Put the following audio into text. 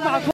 他打过。